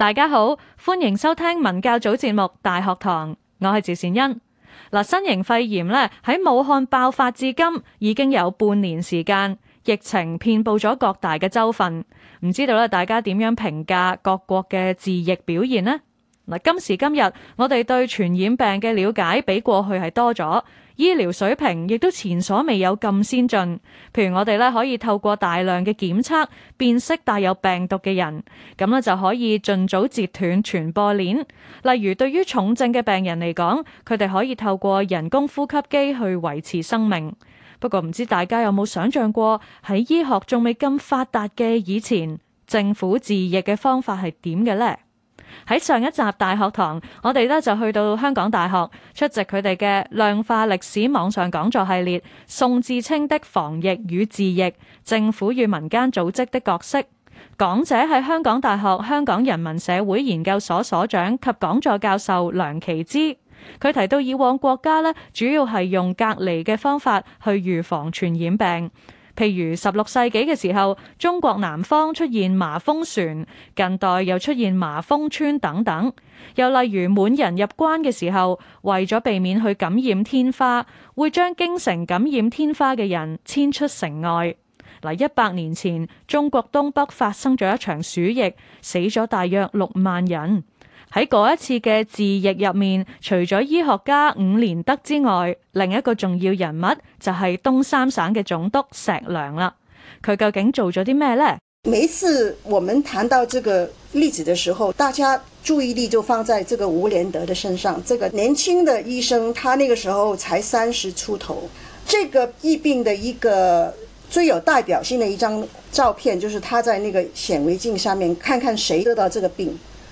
大家好，歡迎收聽文教組節目《大學堂》，我係趙善恩。嗱，新型肺炎咧喺武漢爆發至今已經有半年時間，疫情遍布咗各大嘅州份。唔知道咧，大家點樣評價各國嘅治疫表現呢？嗱，今時今日我哋對傳染病嘅了解比過去係多咗。醫療水平亦都前所未有咁先進，譬如我哋咧可以透過大量嘅檢測辨識帶有病毒嘅人，咁呢就可以盡早截斷傳播鏈。例如對於重症嘅病人嚟講，佢哋可以透過人工呼吸機去維持生命。不過唔知大家有冇想像過喺醫學仲未咁發達嘅以前，政府治疫嘅方法係點嘅呢？喺上一集大學堂，我哋咧就去到香港大學出席佢哋嘅量化歷史網上講座系列《宋至清的防疫與治疫：政府與民間組織的角色》。講者係香港大學香港人民社會研究所所長及講座教授梁其姿。佢提到以往國家呢，主要係用隔離嘅方法去預防傳染病。譬如十六世紀嘅時候，中國南方出現麻風船，近代又出現麻風村等等。又例如滿人入關嘅時候，為咗避免去感染天花，會將京城感染天花嘅人遷出城外。嗱，一百年前，中國東北發生咗一場鼠疫，死咗大約六萬人。喺嗰一次嘅治疫入面，除咗醫學家伍連德之外，另一個重要人物就係東三省嘅總督石良啦。佢究竟做咗啲咩呢？每一次我們談到這個例子的時候，大家注意力就放在這個伍連德的身上。這個年輕的醫生，他那個時候才三十出頭。這個疫病的一個最有代表性的一張照片，就是他在那個顯微鏡上面看看誰得到這個病。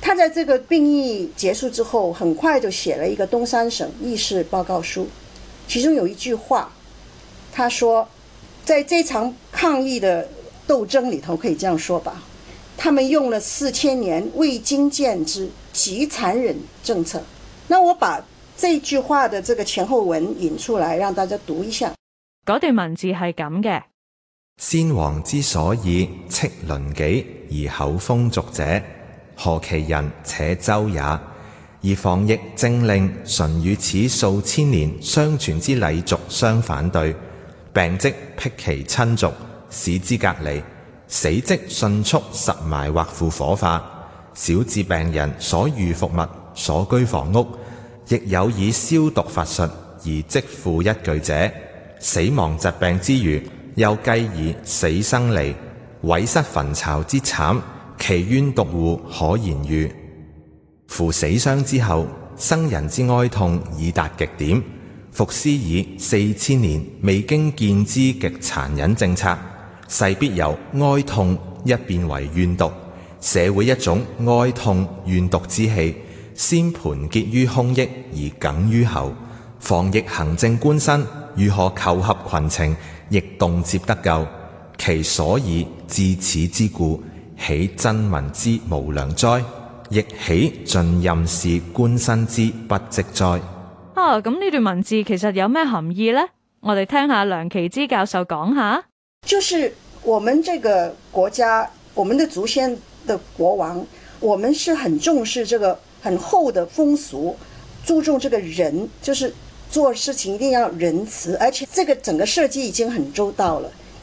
他在這個病疫結束之後，很快就寫了一個東三省疫事報告書，其中有一句話，他說：“在這場抗疫的鬥爭裏頭，可以這樣說吧，他們用了四千年未經見之極殘忍政策。”那我把這句話的這個前後文引出來，讓大家讀一下。嗰段文字係咁嘅：先王之所以斥鄰幾而口風俗者。何其人且周也，而防疫政令，純與此數千年相傳之禮俗相反對。病即辟其親族，使之隔離；死即迅速實埋或付火化。小至病人所遇服物、所居房屋，亦有以消毒法術而即付一炬者。死亡疾病之餘，又繼以死生離、毀失焚巢之慘。其冤毒胡可言喻。夫死傷之後，生人之哀痛已達極點，復施以四千年未經見之極殘忍政策，勢必由哀痛一變為怨毒，社會一種哀痛怨毒之氣先盤結于胸臆而梗於喉，防疫行政官身如何求合群情，亦動輒得咎。其所以至此之故，起真民之無良哉，亦起盡任事官身之不積哉。啊，咁呢段文字其實有咩含義呢？我哋聽下梁其姿教授講下。就是我們這個國家，我們的祖先的國王，我們是很重視這個很厚的風俗，注重這個仁，就是做事情一定要仁慈，而且這個整個設計已經很周到了。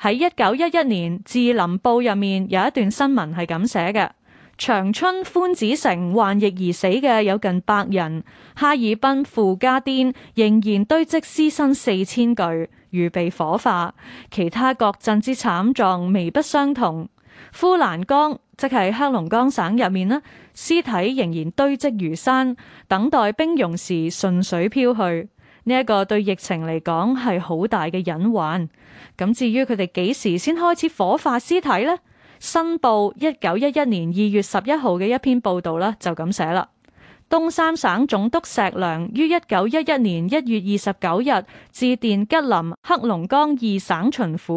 喺一九一一年《字林報》入面有一段新聞係咁寫嘅：長春寬子城患疫而死嘅有近百人，哈爾濱富家甸仍然堆積屍身四千具，預備火化。其他各鎮之慘狀微不相同。呼蘭江即係黑龍江省入面呢，屍體仍然堆積如山，等待冰融時順水飄去。呢一個對疫情嚟講係好大嘅隱患。咁至於佢哋幾時先開始火化屍體呢？申報一九一一年二月十一號嘅一篇報道呢，就咁寫啦。東三省總督石良於一九一一年一月二十九日致電吉林、黑龍江二省巡撫，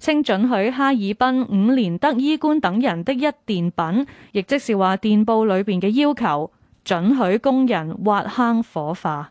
稱准許哈爾濱伍連德醫官等人的一電品，亦即是話電報裏邊嘅要求，准許工人挖坑火化。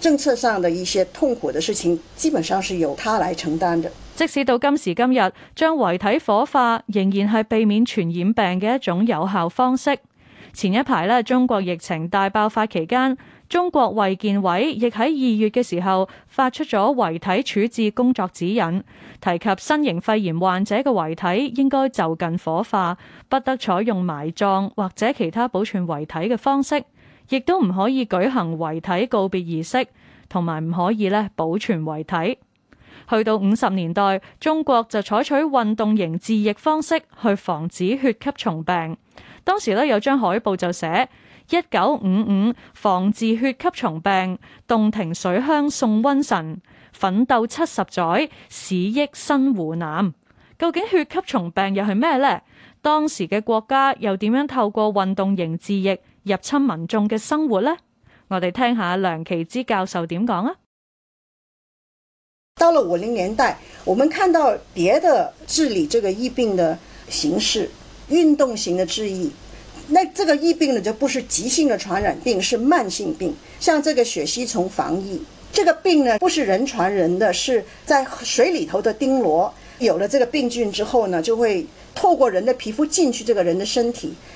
政策上的一些痛苦的事情，基本上是由他來承擔的。即使到今時今日，將遺體火化仍然係避免傳染病嘅一種有效方式。前一排咧，中國疫情大爆發期間，中國衛健委亦喺二月嘅時候發出咗遺體處置工作指引，提及新型肺炎患者嘅遺體應該就近火化，不得採用埋葬或者其他保存遺體嘅方式。亦都唔可以舉行遺體告別儀式，同埋唔可以呢保存遺體。去到五十年代，中國就採取運動型治疫方式去防止血吸蟲病。當時呢，有張海報就寫：一九五五，防治血吸蟲病，洞庭水鄉送瘟神，奮鬥七十載，始益新湖南。究竟血吸蟲病又係咩呢？當時嘅國家又點樣透過運動型治疫？入侵民眾嘅生活呢？我哋聽下梁其之教授點講啊！到了五零年代，我們看到別的治理這個疫病的形式，運動型的治疫，那這個疫病呢就不是急性的傳染病，是慢性病，像這個血吸蟲防疫，這個病呢不是人傳人的，是在水裏頭的釘螺。有了這個病菌之後呢，就會透過人的皮膚進去這個人的身體。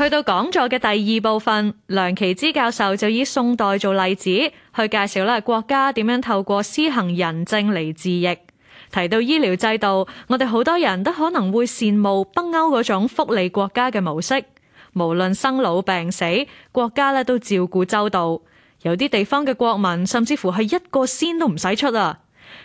去到講座嘅第二部分，梁其之教授就以宋代做例子，去介紹啦國家點樣透過施行仁政嚟治疫。提到醫療制度，我哋好多人都可能會羨慕北歐嗰種福利國家嘅模式，無論生老病死，國家呢都照顧周到。有啲地方嘅國民甚至乎係一個仙都唔使出啊！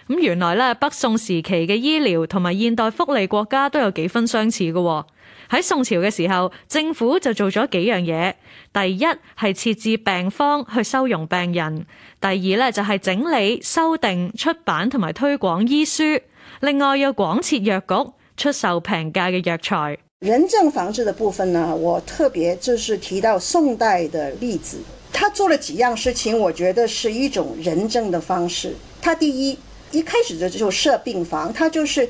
咁原來呢，北宋時期嘅醫療同埋現代福利國家都有幾分相似嘅。喺宋朝嘅時候，政府就做咗幾樣嘢。第一係設置病坊去收容病人；第二咧就係整理、修訂、出版同埋推廣醫書。另外有廣設藥局，出售平價嘅藥材。仁政防治的部分呢，我特別就是提到宋代的例子。他做了幾樣事情，我覺得是一種仁政的方式。他第一一開始就就設病房，他就是。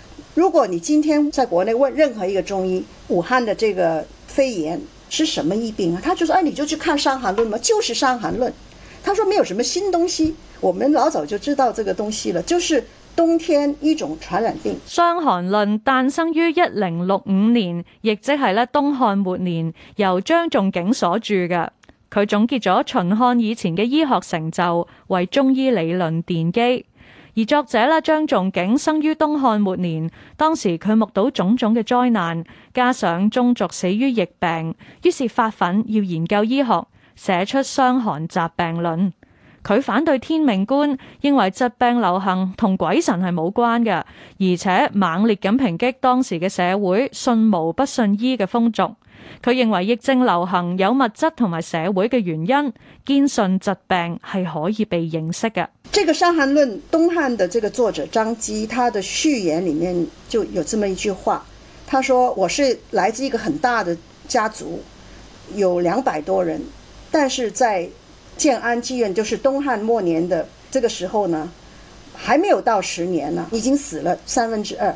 如果你今天在國內問任何一個中醫，武漢的這個肺炎是什麼疫病啊？他就說：哎，你就去看《傷寒論》嘛，就是《傷寒論》。他說沒有什麼新東西，我們老早就知道這個東西了，就是冬天一種傳染病。《傷寒論》誕生於一零六五年，亦即係咧東漢末年，由張仲景所著㗎。佢總結咗秦漢以前嘅醫學成就，為中醫理論奠基。而作者啦張仲景生於東漢末年，當時佢目睹種種嘅災難，加上宗族死於疫病，於是發憤要研究醫學，寫出傷《傷寒雜病論》。佢反對天命觀，認為疾病流行同鬼神係冇關嘅，而且猛烈咁抨擊當時嘅社會信巫不信醫嘅風俗。佢認為疫症流行有物質同埋社會嘅原因，堅信疾病係可以被認識嘅。這個《傷寒論》，東漢的這個作者張機，他的序言裏面就有這麼一句話，他說我是來自一個很大的家族，有兩百多人，但是在建安紀元，就是東漢末年的這個時候呢，還沒有到十年呢，已經死了三分之二。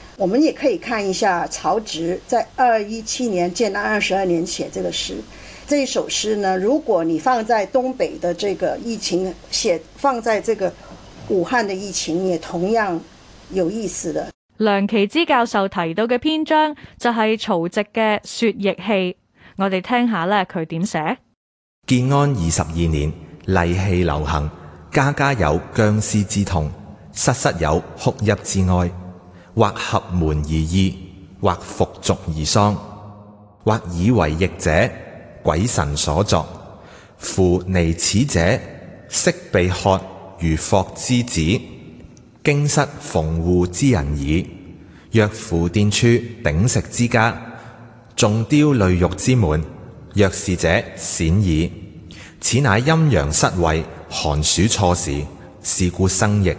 我們也可以看一下曹植在二一七年建安二十二年寫這個詩，這首詩呢，如果你放在東北的這個疫情寫，放在這個武漢的疫情，也同樣有意思的。梁其姿教授提到嘅篇章就係曹植嘅《說疫氣》，我哋聽下咧佢點寫。建安二十二年，厲氣流行，家家有僵屍之痛，室室有哭泣之哀。或闔門而殪，或覆族而喪，或以為疫者，鬼神所作。夫罹此者，悉被褐茹藿之子，荊室蓬戶之人矣。若夫殿處鼎食之家，重貂累蓐之門，若是者鮮矣。此乃陰陽失位，寒暑錯時，是故生疫，而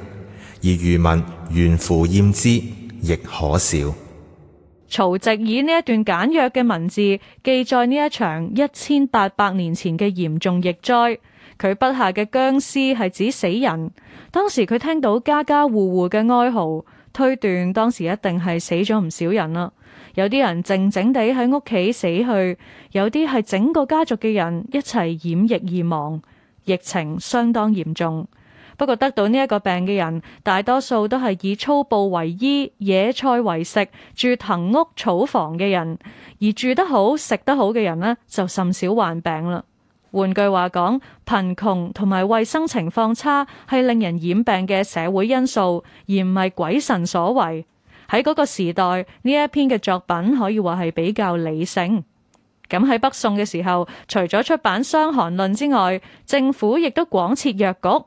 愚民懸符厭之。亦可笑。曹植以呢一段簡約嘅文字記載呢一場一千八百年前嘅嚴重疫災。佢筆下嘅僵屍係指死人。當時佢聽到家家戶戶嘅哀嚎，推斷當時一定係死咗唔少人啦。有啲人靜靜地喺屋企死去，有啲係整個家族嘅人一齊染疫而亡。疫情相當嚴重。不過得到呢一個病嘅人，大多數都係以粗布為衣、野菜為食、住藤屋草房嘅人，而住得好、食得好嘅人呢，就甚少患病啦。換句話講，貧窮同埋衛生情況差係令人染病嘅社會因素，而唔係鬼神所為。喺嗰個時代，呢一篇嘅作品可以話係比較理性。咁喺北宋嘅時候，除咗出版《傷寒論》之外，政府亦都廣設藥局。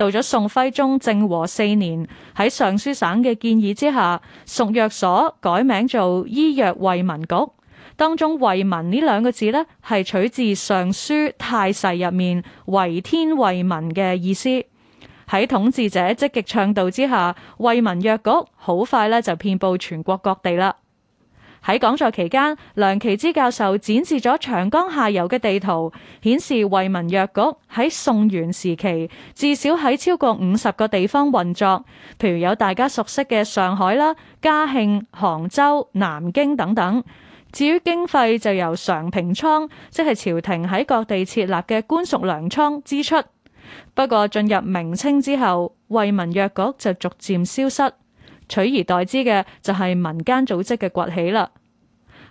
到咗宋徽宗政和四年，喺尚書省嘅建議之下，熟藥所改名做醫藥惠民局。當中“惠民”呢兩個字呢，係取自尚書泰誓入面“為天惠民”嘅意思。喺統治者積極倡導之下，惠民藥局好快呢就遍布全國各地啦。喺講座期間，梁其姿教授展示咗長江下游嘅地圖，顯示惠民藥局喺宋元時期至少喺超過五十個地方運作，譬如有大家熟悉嘅上海啦、嘉興、杭，杭州、南京等等。至於經費就由常平倉，即係朝廷喺各地設立嘅官屬糧倉支出。不過進入明清之後，惠民藥局就逐漸消失。取而代之嘅就係、是、民間組織嘅崛起啦。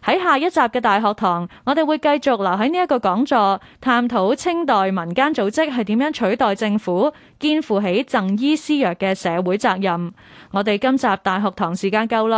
喺下一集嘅大學堂，我哋會繼續留喺呢一個講座，探討清代民間組織係點樣取代政府，肩負起贈醫施藥嘅社會責任。我哋今集大學堂時間夠啦。